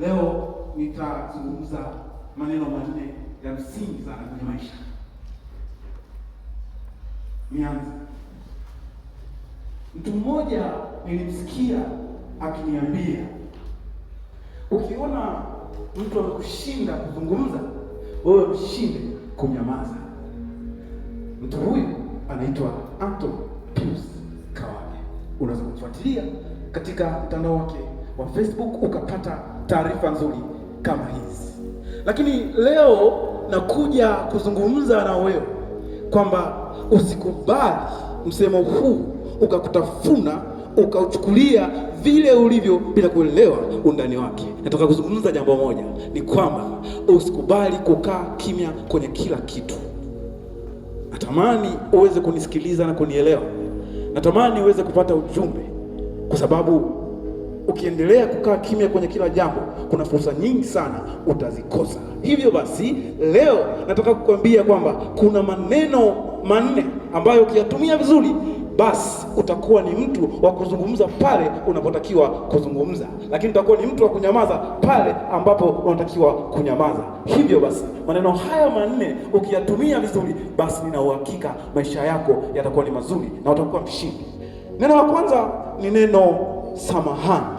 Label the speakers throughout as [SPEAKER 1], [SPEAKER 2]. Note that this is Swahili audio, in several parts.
[SPEAKER 1] Leo nitazungumza maneno manne ya msingi sana kwenye maisha. Nianze. Mtu mmoja nilimsikia akiniambia, ukiona mtu amekushinda kuzungumza, wewe mshinde kunyamaza. Mtu huyu anaitwa Anton Pius Kawage. Unaweza kumfuatilia katika mtandao wake wa Facebook ukapata taarifa nzuri kama hizi. Lakini leo nakuja kuzungumza na wewe kwamba usikubali msemo huu ukakutafuna ukauchukulia vile ulivyo bila kuelewa undani wake. Nataka kuzungumza jambo moja, ni kwamba usikubali kukaa kimya kwenye kila kitu. Natamani uweze kunisikiliza na kunielewa, natamani uweze kupata ujumbe, kwa sababu Ukiendelea kukaa kimya kwenye kila jambo, kuna fursa nyingi sana utazikosa. Hivyo basi, leo nataka kukwambia kwamba kuna maneno manne ambayo ukiyatumia vizuri basi utakuwa ni mtu wa kuzungumza pale unapotakiwa kuzungumza, lakini utakuwa ni mtu wa kunyamaza pale ambapo unatakiwa kunyamaza. Hivyo basi maneno haya manne ukiyatumia vizuri, basi nina uhakika maisha yako yatakuwa ni mazuri na utakuwa mshindi. Neno la kwanza ni neno samahani.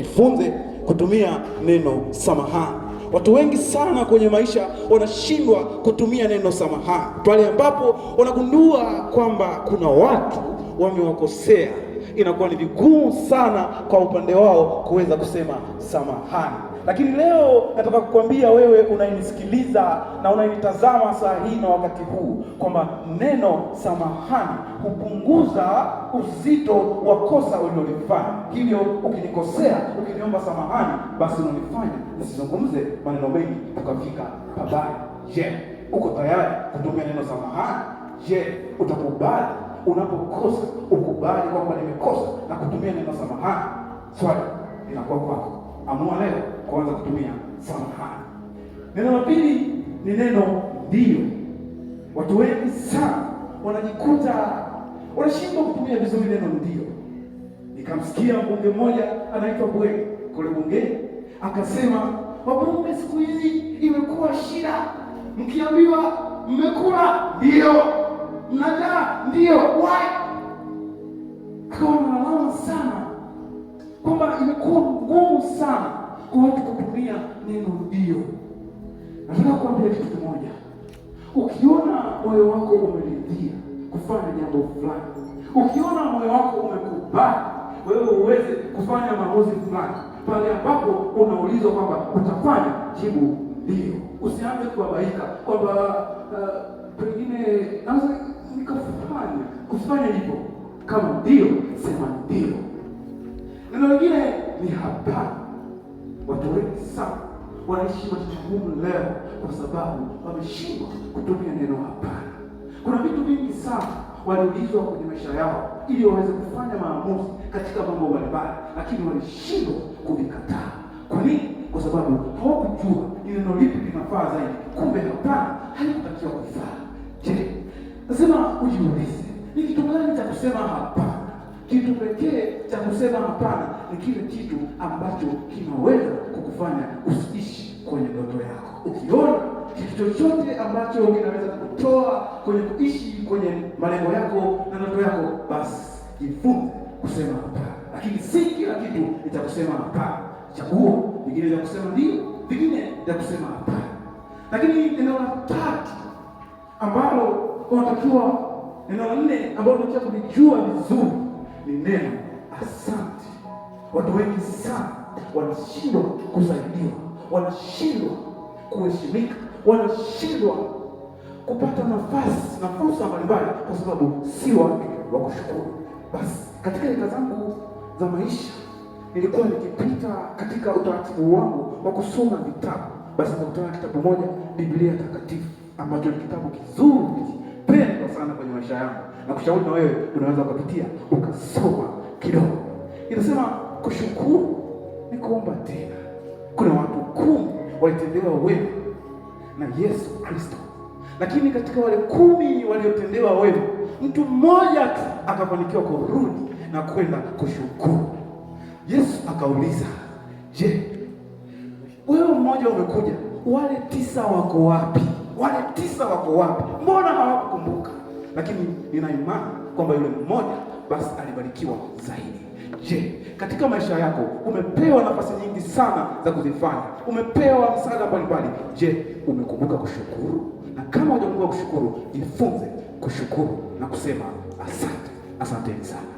[SPEAKER 1] Jifunze kutumia neno samahani. Watu wengi sana kwenye maisha wanashindwa kutumia neno samahani, pale ambapo wanagundua kwamba kuna watu wamewakosea, inakuwa ni vigumu sana kwa upande wao kuweza kusema samahani. Lakini leo nataka kukwambia wewe unayenisikiliza na unayenitazama saa hii na wakati huu kwamba neno samahani hupunguza uzito wa kosa ulilolifanya. Hivyo ukinikosea, ukiniomba samahani, basi unanifanya nisizungumze maneno mengi tukafika pabaya. Je, uko tayari kutumia neno samahani? Je, utakubali unapokosa, ukubali kwamba nimekosa na kutumia neno samahani? Swali linakuwa kwako amua leo kuanza kutumia samahani. Neno la pili ni neno ndio. Watu wengi sana wanajikuta wanashindwa kutumia vizuri neno ndio. Nikamsikia mbunge mmoja anaitwa bwe kule bungeni, akasema wabunge siku hizi imekuwa shida, mkiambiwa mmekula ndio, mnajaa ndio, akawa analalama sana kwamba imekuwa sana kwa watu kutumia neno ndio. Nataka kuambia kitu kimoja, ukiona moyo wako umeridhia kufanya jambo fulani, ukiona moyo wako umekubali wewe uweze kufanya maamuzi fulani, pale ambapo unaulizwa kwamba utafanya, jibu ndio. Usianze kubabaika kwamba eh, pengine uh, naweza nikafanya kufanya hivyo. Kama ndio, sema ndio. Neno lingine ni hapana. Watu wengi sana wanaishi maisha magumu leo kwa sababu wameshindwa kutumia neno hapana. Kuna vitu vingi sana waliulizwa kwenye maisha yao ili waweze kufanya maamuzi katika mambo mbalimbali, lakini walishindwa kuvikataa. Kwa nini? Kwa sababu hawakujua ni neno lipi linafaa zaidi. Kumbe hapana kusema hapana, ni kile kitu ambacho kinaweza kukufanya usiishi kwenye ndoto yako. Ukiona kitu chochote ambacho kinaweza kutoa kwenye kuishi kwenye malengo yako na ndoto yako, basi jifunze kusema hapana, lakini si kila kitu nitakusema hapana. Chagua vingine vya kusema ndio, vingine vya kusema hapana. Lakini neno la tatu ambalo unatakiwa, eneo la nne ambalo unatakiwa kulijua vizuri ni neno asante. Watu wengi sana wanashindwa kusaidiwa, wanashindwa kuheshimika, wanashindwa kupata nafasi na fursa mbalimbali kwa sababu si watu wa kushukuru. Basi katika lika zangu za maisha nilikuwa nikipita katika utaratibu wangu wa kusoma vitabu, basi nakutana kitabu moja, Biblia Takatifu, ambacho ni kitabu kizuri pendwa sana kwenye maisha yangu, na kushauri na wewe unaweza ukapitia ukasoma kidogo. Inasema kushukuru ni kuomba tena. Kuna watu kumi walitendewa wema na Yesu Kristo, lakini katika wale kumi waliotendewa wema, mtu mmoja tu akafanikiwa kurudi na kwenda kushukuru. Yesu akauliza, je, wewe mmoja umekuja, wale tisa wako wapi? Wale tisa wako wapi? Mbona hawakukumbuka? Lakini nina imani kwamba yule mmoja basi alibarikiwa zaidi. Je, katika maisha yako umepewa nafasi nyingi sana za kuzifanya, umepewa msaada mbalimbali. Je, umekumbuka kushukuru? Na kama hujakumbuka kushukuru, jifunze kushukuru na kusema asante, asanteni sana.